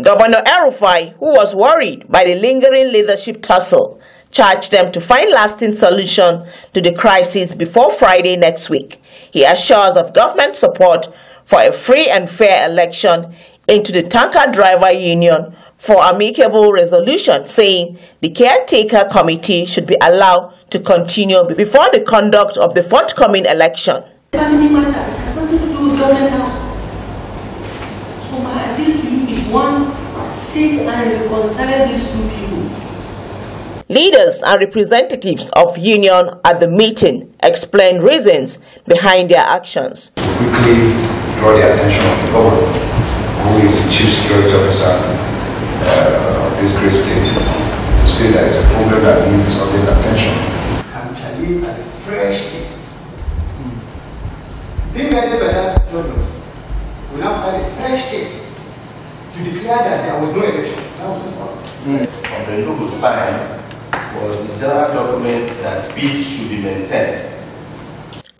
Governor Arufai, who was worried by the lingering leadership tussle, charged them to find lasting solution to the crisis before Friday next week. He assures of government support for a free and fair election into the tanker driver union for amicable resolution, saying the caretaker committee should be allowed to continue before the conduct of the forthcoming election one, sit and reconcile these two people. Leaders and representatives of union at the meeting explained reasons behind their actions. Quickly draw the attention of the government, who is the chief security officer uh, of this great state, to say that it's a problem that needs urgent attention. Kamchali as a fresh case. Mm. clear that there was no election. That was his problem. Mm. On the rule sign was the general document that peace should be maintained.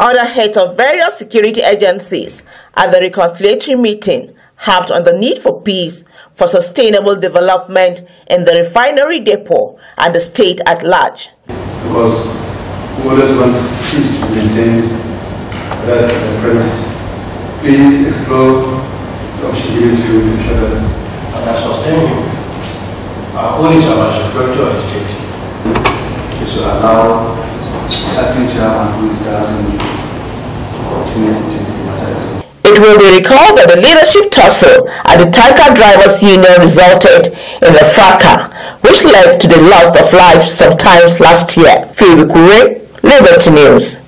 Other heads of various security agencies at the reconciliatory meeting harped on the need for peace for sustainable development in the refinery depot and the state at large. Because we always want peace to be maintained, that's the premises. Please explore the option given to ensure that and are security of the state. should allow acting chairman who is to it will be recalled that the leadership tussle at the tanker drivers union resulted in the fracas, which led to the loss of life sometimes last year. Phoebe Kure, Liberty News.